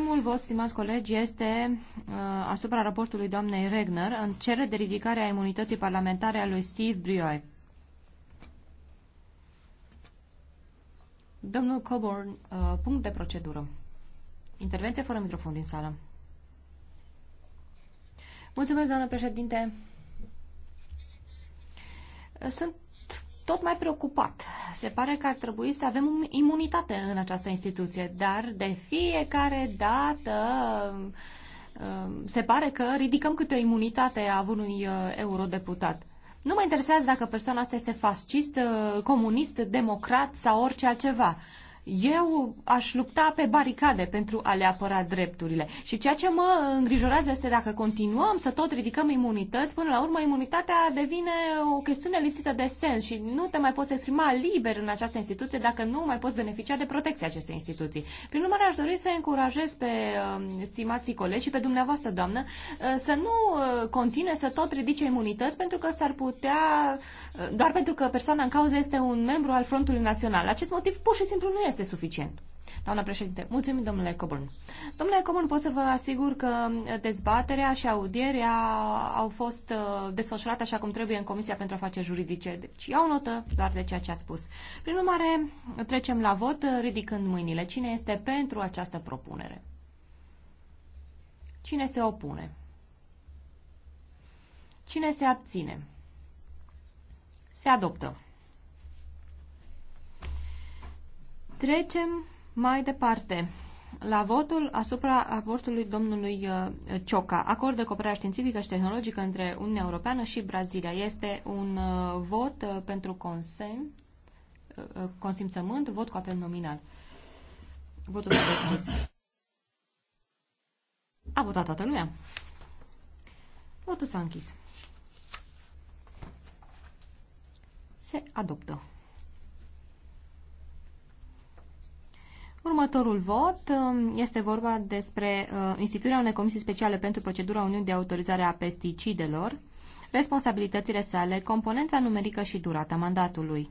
Primul vot, stimați colegi, este uh, asupra raportului doamnei Regner în cere de ridicare a imunității parlamentare a lui Steve Brioi. Domnul Coburn, uh, punct de procedură. Intervenție fără microfon din sală. Mulțumesc, doamnă președinte. Sunt tot mai preocupat. Se pare că ar trebui să avem imunitate în această instituție, dar de fiecare dată um, um, se pare că ridicăm câte o imunitate a unui uh, eurodeputat. Nu mă interesează dacă persoana asta este fascist, uh, comunist, democrat sau orice altceva. Eu aș lupta pe baricade pentru a le apăra drepturile. Și ceea ce mă îngrijorează este dacă continuăm să tot ridicăm imunități, până la urmă imunitatea devine o chestiune lipsită de sens și nu te mai poți exprima liber în această instituție dacă nu mai poți beneficia de protecția acestei instituții. Prin urmare, aș dori să încurajez pe um, stimații colegi și pe dumneavoastră, doamnă, uh, să nu uh, continue să tot ridice imunități pentru că s-ar putea, uh, doar pentru că persoana în cauză este un membru al Frontului Național. Acest motiv pur și simplu nu este este suficient. Doamna președinte, mulțumim, domnule Coburn. Domnule Coburn, pot să vă asigur că dezbaterea și audierea au fost uh, desfășurate așa cum trebuie în Comisia pentru Afaceri Juridice. Deci iau notă doar de ceea ce ați spus. Prin urmare, trecem la vot ridicând mâinile. Cine este pentru această propunere? Cine se opune? Cine se abține? Se adoptă. Trecem mai departe la votul asupra aportului domnului uh, Cioca, acord de cooperare științifică și tehnologică între Uniunea Europeană și Brazilia. Este un uh, vot uh, pentru consem, consimțământ, vot cu apel nominal. Votul a consens. A votat toată lumea. Votul s-a închis. Se adoptă. Următorul vot um, este vorba despre uh, instituirea unei comisii speciale pentru procedura Uniunii de autorizare a pesticidelor, responsabilitățile sale, componența numerică și durata mandatului.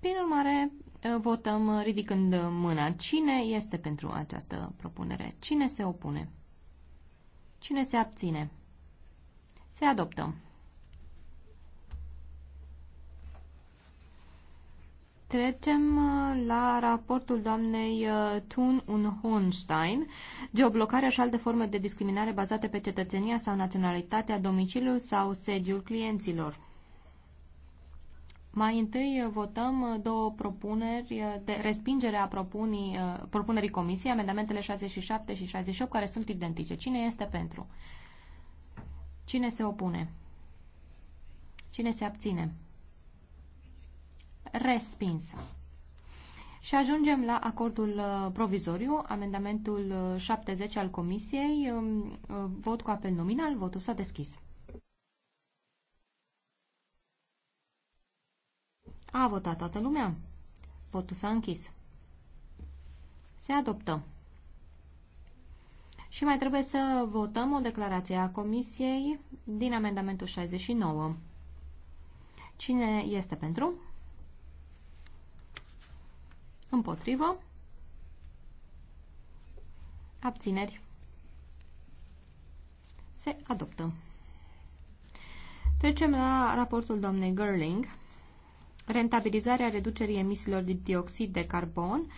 Prin urmare, uh, votăm uh, ridicând mâna. Cine este pentru această propunere? Cine se opune? Cine se abține? Se adoptă. Trecem uh, la raportul doamnei uh, Thun un geoblocarea și alte forme de discriminare bazate pe cetățenia sau naționalitatea, domiciliul sau sediul clienților. Mai întâi uh, votăm două propuneri de respingere a propunii, propunerii comisiei, amendamentele 67 și 68, care sunt identice. Cine este pentru? Cine se opune? Cine se abține? respinsă. Și ajungem la acordul uh, provizoriu, amendamentul 70 uh, al Comisiei, um, uh, vot cu apel nominal, votul s-a deschis. A votat toată lumea. Votul s-a închis. Se adoptă. Și mai trebuie să votăm o declarație a Comisiei din amendamentul 69. Cine este pentru? Împotrivă. Abțineri. Se adoptă. Trecem la raportul doamnei Gerling. Rentabilizarea reducerii emisiilor de dioxid de carbon.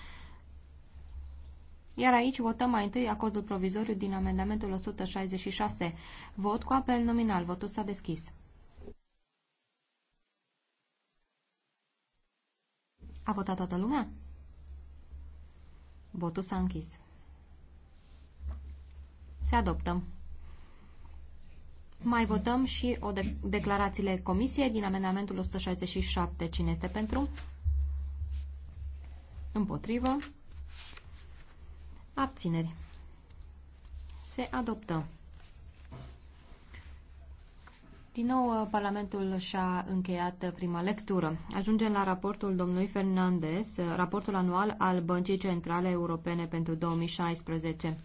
Iar aici votăm mai întâi acordul provizoriu din amendamentul 166. Vot cu apel nominal. Votul s-a deschis. A votat toată lumea? Votul s-a închis. Se adoptă. Mai votăm și o de declarațiile comisiei din amendamentul 167. Cine este pentru? Împotrivă. Abțineri. Se adoptă. Din nou, uh, Parlamentul și-a încheiat uh, prima lectură. Ajungem la raportul domnului Fernandez, uh, raportul anual al Băncii Centrale Europene pentru 2016.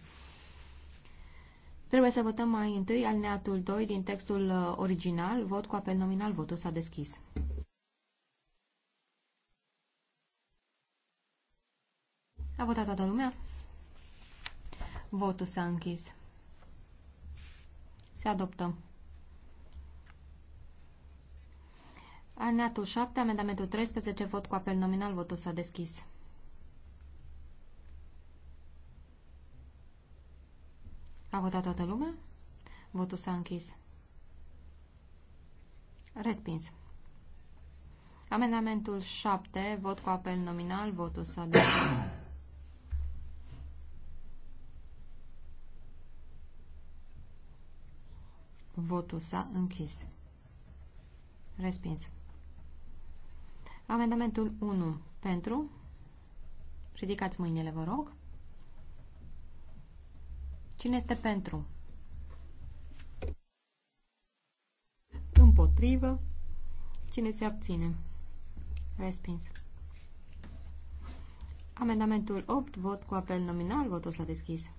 Trebuie să votăm mai întâi alineatul 2 din textul original. Vot cu apel nominal. Votul s-a deschis. A votat toată lumea? Votul s-a închis. Se adoptă. Alineatul 7, amendamentul 13, vot cu apel nominal, votul s-a deschis. A votat toată lumea? Votul s-a închis. Respins. Amendamentul 7, vot cu apel nominal, votul s-a deschis. Votul s-a închis. Respins. Amendamentul 1 pentru. Ridicați mâinile, vă rog. Cine este pentru? Împotrivă. Cine se abține? Respins. Amendamentul 8, vot cu apel nominal, votul s-a deschis.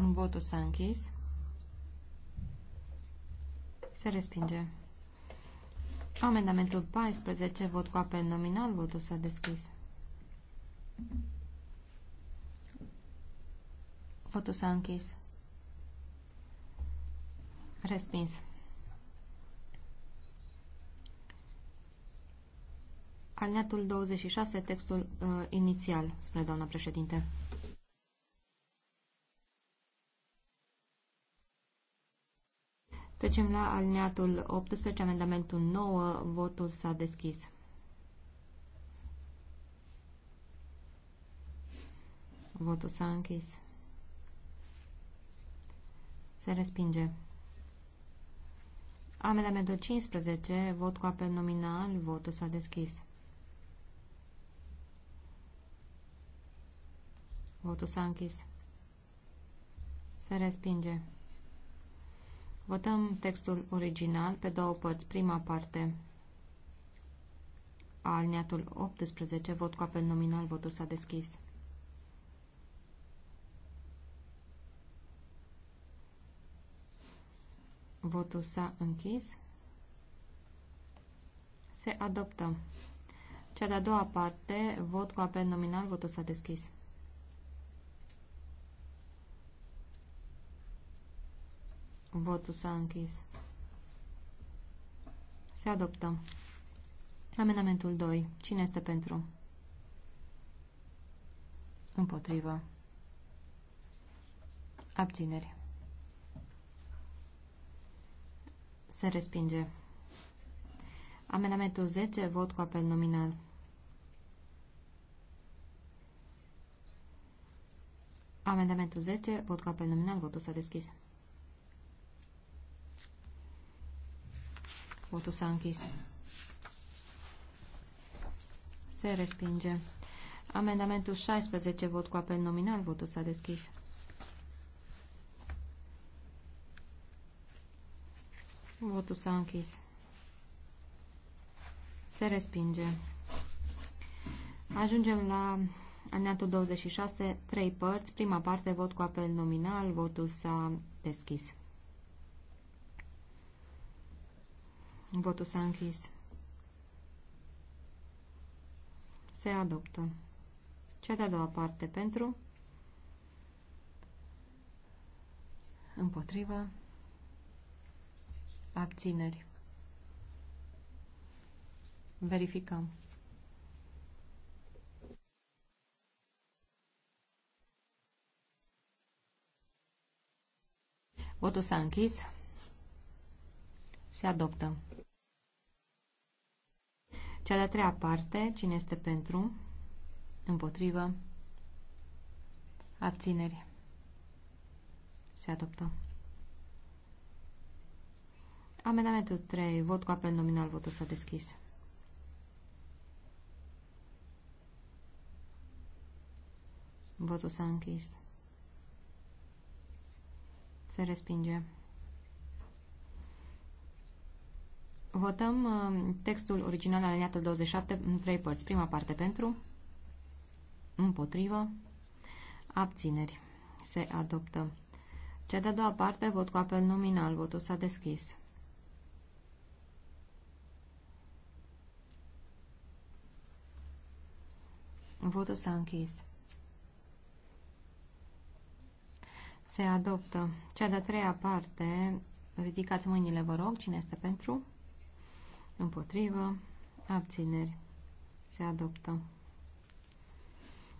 Votul s-a închis. Se respinge. Amendamentul 14, vot cu apel nominal, votul s-a deschis. Votul s-a închis. Respins. Alineatul 26, textul uh, inițial, spune doamna președinte. Trecem la alineatul 18, amendamentul 9, votul s-a deschis. Votul s-a închis. Se respinge. Amendamentul 15, vot cu apel nominal, votul s-a deschis. Votul s-a închis. Se respinge. Votăm textul original pe două părți. Prima parte a alineatul 18, vot cu apel nominal, votul s-a deschis. Votul s-a închis. Se adoptă. Cea de-a doua parte, vot cu apel nominal, votul s-a deschis. Votul s-a închis. Se adoptă. Amendamentul 2. Cine este pentru? Împotrivă. Abțineri. Se respinge. Amendamentul 10. Vot cu apel nominal. Amendamentul 10. Vot cu apel nominal. Votul s-a deschis. Votul s-a închis. Se respinge. Amendamentul 16, vot cu apel nominal, votul s-a deschis. Votul s-a închis. Se respinge. Ajungem la aneatul 26, trei părți. Prima parte, vot cu apel nominal, votul s-a deschis. Votul s-a închis. Se adoptă. Cea de-a doua parte pentru. împotriva Abțineri. Verificăm. Votul s-a închis. Se adoptă. Cea de-a treia parte, cine este pentru, împotrivă, abțineri, se adoptă. Amendamentul 3, vot cu apel nominal, votul s-a deschis. Votul s-a închis. Se respinge. Votăm uh, textul original aliniatul 27 în trei părți. Prima parte pentru, împotrivă, abțineri. Se adoptă. Cea de-a doua parte, vot cu apel nominal. Votul s-a deschis. Votul s-a închis. Se adoptă. Cea de-a treia parte, ridicați mâinile, vă rog, cine este pentru? Împotrivă. Abțineri. Se adoptă.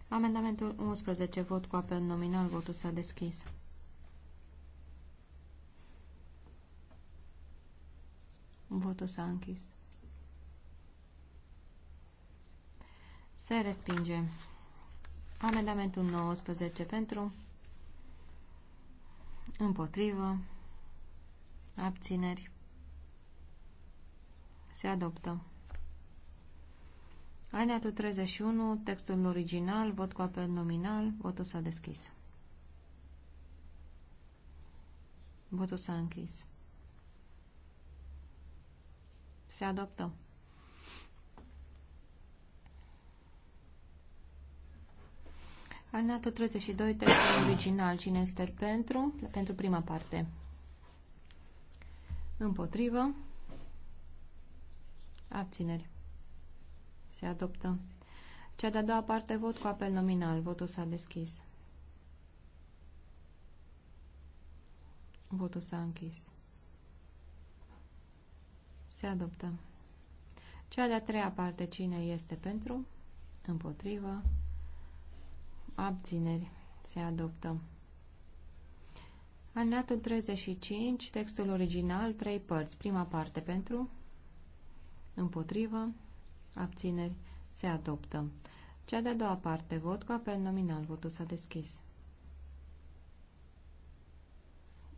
Amendamentul 11. Vot cu apel nominal. Votul s-a deschis. Votul s-a închis. Se respinge. Amendamentul 19 pentru, împotrivă, abțineri, se adoptă. Aneatul 31, textul original, vot cu apel nominal, votul s-a deschis. Votul s-a închis. Se adoptă. Aneatul 32, textul original. Cine este pentru? Pentru prima parte. Împotrivă. Abțineri. Se adoptă. Cea de-a doua parte, vot cu apel nominal. Votul s-a deschis. Votul s-a închis. Se adoptă. Cea de-a treia parte, cine este pentru? Împotrivă. Abțineri. Se adoptă. Alineatul 35, textul original, trei părți. Prima parte pentru, Împotrivă. Abțineri. Se adoptă. Cea de-a doua parte. Vot cu apel nominal. Votul s-a deschis.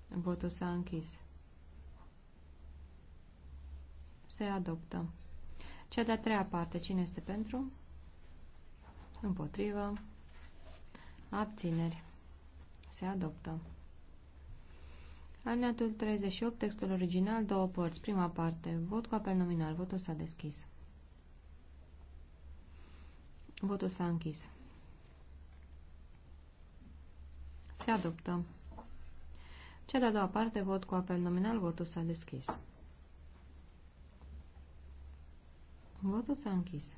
Votul s-a închis. Se adoptă. Cea de-a treia parte. Cine este pentru? Împotrivă. Abțineri. Se adoptă. Alineatul 38, textul original, două părți. Prima parte, vot cu apel nominal. Votul s-a deschis. Votul s-a închis. Se adoptă. Cea de-a doua parte, vot cu apel nominal, votul s-a deschis. Votul s-a închis.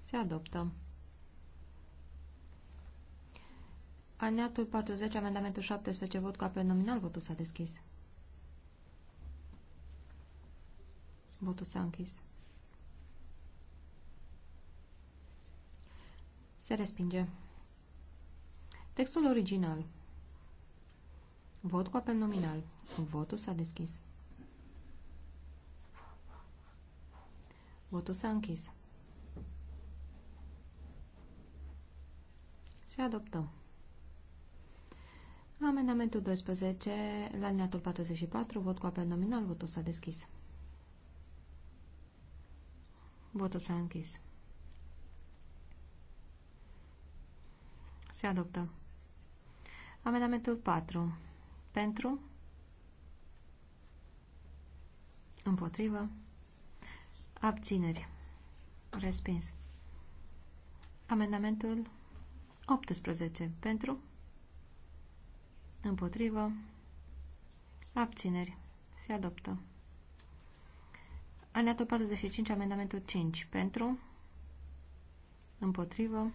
Se adoptă. Aliniatul 40, amendamentul 17, vot cu apel nominal, votul s-a deschis. Votul s-a închis. Se respinge. Textul original. Vot cu apel nominal. Votul s-a deschis. Votul s-a închis. Se adoptă. Amendamentul 12, la liniatul 44, vot cu apel nominal, votul s-a deschis. Votul s-a închis. Se adoptă. Amendamentul 4. Pentru. Împotrivă. Abțineri. Respins. Amendamentul 18. Pentru. Împotrivă. Abțineri. Se adoptă. Aliatul 45, amendamentul 5. Pentru. Împotrivă.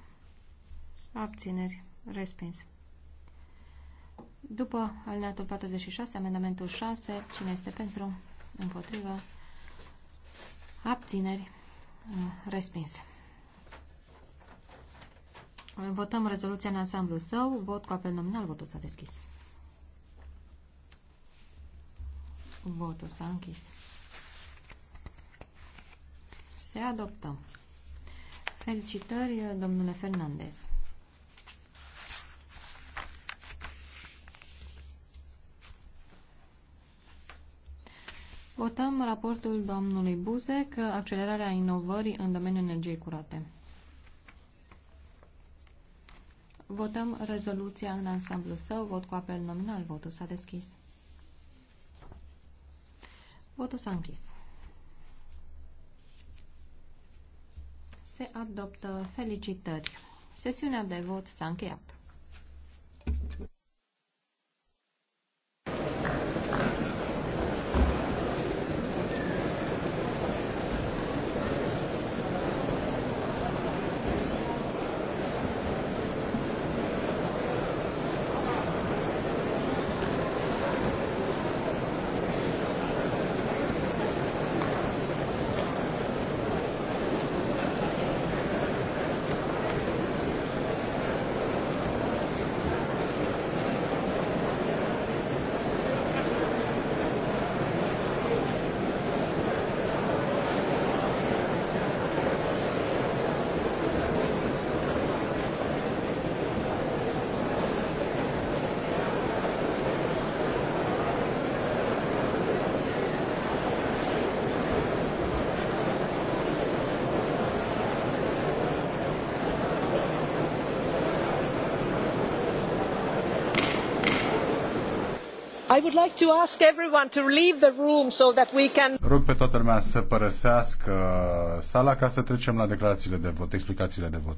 Abțineri. Respins. După alineatul 46, amendamentul 6, cine este pentru? Împotrivă. Abțineri. Respins. Votăm rezoluția în ansamblu său. Vot cu apel nominal. Votul s-a deschis. Votul s-a închis. Se adoptă. Felicitări, domnule Fernandez. Votăm raportul domnului Buzec, accelerarea inovării în domeniul energiei curate. Votăm rezoluția în ansamblu său, vot cu apel nominal, votul s-a deschis. Votul s-a închis. Se adoptă. Felicitări. Sesiunea de vot s-a încheiat. I would like to ask everyone to leave the room so that we can... Rog pe toată lumea să părăsească sala ca să trecem la declarațiile de vot, explicațiile de vot.